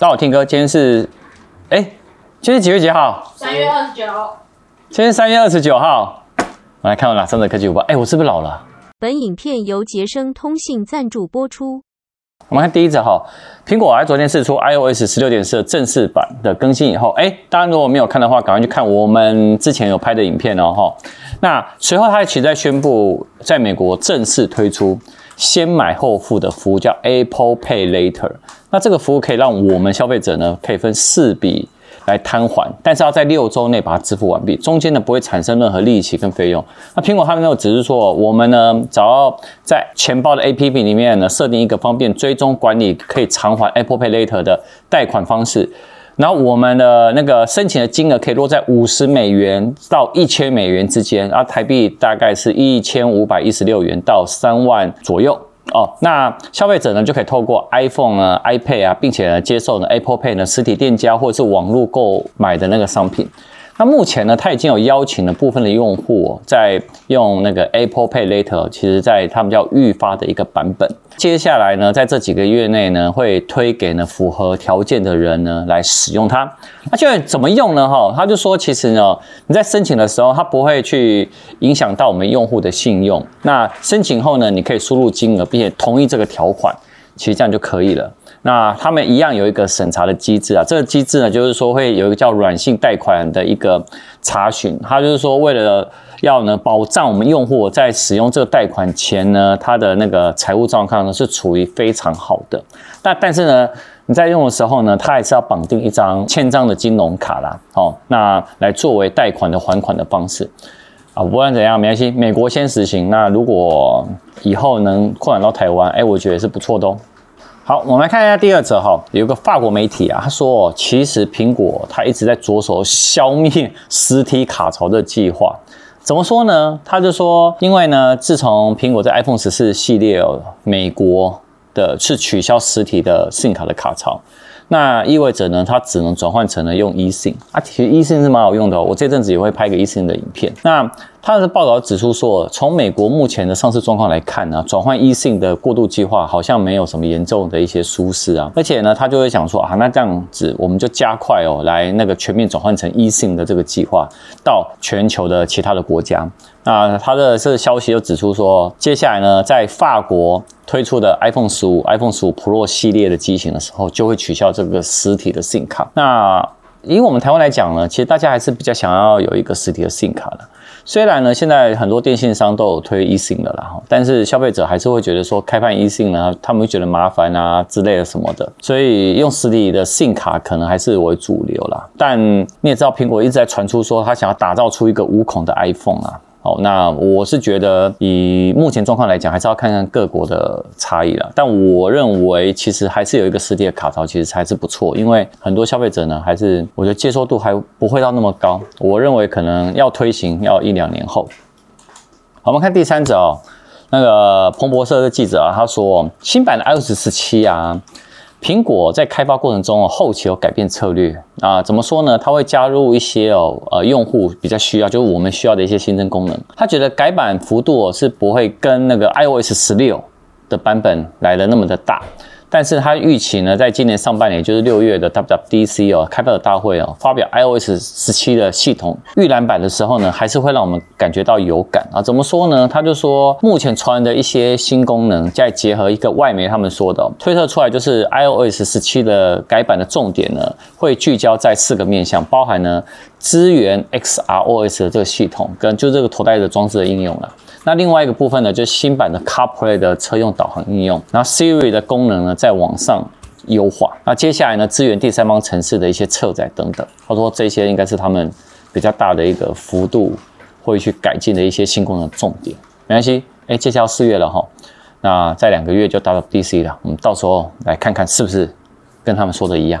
大家好，Tim 哥。今天是，誒、欸、今天幾月幾號？三月二十九。今天三月二十九號，我來看我哪三則科技午報？誒、欸、我是不是老了？本影片由傑昇通信贊助播出。我們看第一則哈，蘋果在昨天釋出 iOS 十六點四正式版的更新以後，誒、欸、大家如果沒有看的話，趕快去看我們之前有拍的影片哦哈。那隨後，它也在宣布在美國正式推出。先買後付的服務叫 Apple Pay Later，那這個服務可以讓我們消費者呢，可以分四筆來攤還，但是要在六周內把它支付完畢，中間呢不會產生任何利息跟費用。那蘋果還沒有只是說，我們呢，只要在錢包的 APP 裡面呢，設定一個方便追蹤管理、可以償還 Apple Pay Later 的貸款方式。然後我們的那個申請的金額可以落在五十美元到一千美元之間，啊，台幣大概是一千五百一十六元到三萬左右哦。那消費者呢就可以透過 iPhone 啊、iPad 啊，並且呢接受呢 Apple Pay 呢，實體店家或者是網絡購買的那個商品。那目前呢，他已經有邀請了部分的用戶在用那個 Apple Pay Later，其實在他們叫預發的一個版本。接下來呢，在這幾個月內呢，會推給呢符合條件的人呢來使用它。那現在怎麼用呢？哈，他就說，其實呢，你在申請的時候，它不會去影響到我們用戶的信用。那申請後呢，你可以輸入金額，並且同意這個條款。其實這樣就可以了。那他們一樣有一個審查的機制啊，這個機制呢，就是說會有一個叫軟性貸款的一個查詢，他就是說為了要呢保障我們用戶在使用這個貸款前呢，他的那個財務狀況呢是處於非常好的。那但是呢，你在用的時候呢，它還是要綁定一張簽帳的金融卡啦，哦，那來作為貸款的還款的方式啊。不管怎樣，沒關係，美國先實行，那如果以後能擴展到台灣，哎、欸，我覺得是不錯的哦。好，我們來看一下第二者。哈，有個法國媒體啊，他說，其實蘋果它一直在着手消滅實體卡槽的計劃。怎麼說呢？他就說，因為呢，自從蘋果在 iPhone 十四系列美國的是取消實體的 SIM 卡的卡槽，那意味着呢，它只能轉換成了用 e SIM 啊，其實 e SIM 是蠻好用的，我這陣子也會拍一個 e SIM 的影片。那他的報道指出說，從美國目前的上市狀況來看呢，轉換 eSIM 的過渡計劃好像沒有什麼嚴重的一些疏失啊。而且呢，他就會想說啊，那這樣子我們就加快哦，來那個全面轉換成 eSIM 的這個計劃到全球的其他的國家。那他的這個消息又指出說，接下來呢，在法國推出的 iPhone 十五、iPhone 十五 Pro 系列的機型的時候，就會取消這個實體的 SIM 卡。那以我們台灣來講呢，其實大家還是比較想要有一個實體的 SIM 卡的。雖然呢，現在很多電信商都有推 eSIM 了啦，但是消費者還是會覺得說開辦 eSIM 啊，他們會覺得麻煩啊之類的什麼的，所以用實體的 SIM 卡可能還是為主流啦。但你也知道，蘋果一直在傳出說他想要打造出一個無孔的 iPhone 啊。那我是覺得，以目前狀況來講，還是要看看各國的差異了。但我認為，其實還是有一個實體的卡槽，其實還是不錯，因為很多消費者呢，還是我覺得接受度還不會到那麼高。我認為可能要推行要一兩年後。好，我們看第三則哦，那個彭博社的記者啊，他說新版的 iOS 十七啊。蘋果在開發過程中後期有改變策略啊，怎麼說呢？它會加入一些哦，呃，用戶比較需要，就是我們需要的一些新增功能。它覺得改版幅度是不會跟那個 iOS 十六的版本來得那麼的大。但是他預期呢，在今年上半年，就是六月的 WWDC 哦，開發者大會哦，發表 iOS 十七的系統預覽版的時候呢，還是會讓我們感覺到有感啊。怎麼說呢？他就說，目前傳來的一些新功能，再結合一個外媒他們說的推測出來，就是 iOS 十七的改版的重點呢，會聚焦在四個面向，包含呢，支援 XR OS 的這個系統跟就這個頭戴的裝置的應用了。那另外一個部分呢，就是新版的 CarPlay 的車用導航應用，然後 Siri 的功能呢。再往上優化，那接下來呢？支援第三方程式的一些側載等等，他說這些應該是他們比較大的一個幅度會去改進的一些新功能重點。沒關係，欸，接下來四月了哈，那再兩個月就到 DC 了，我們到時候來看看是不是跟他們說的一樣。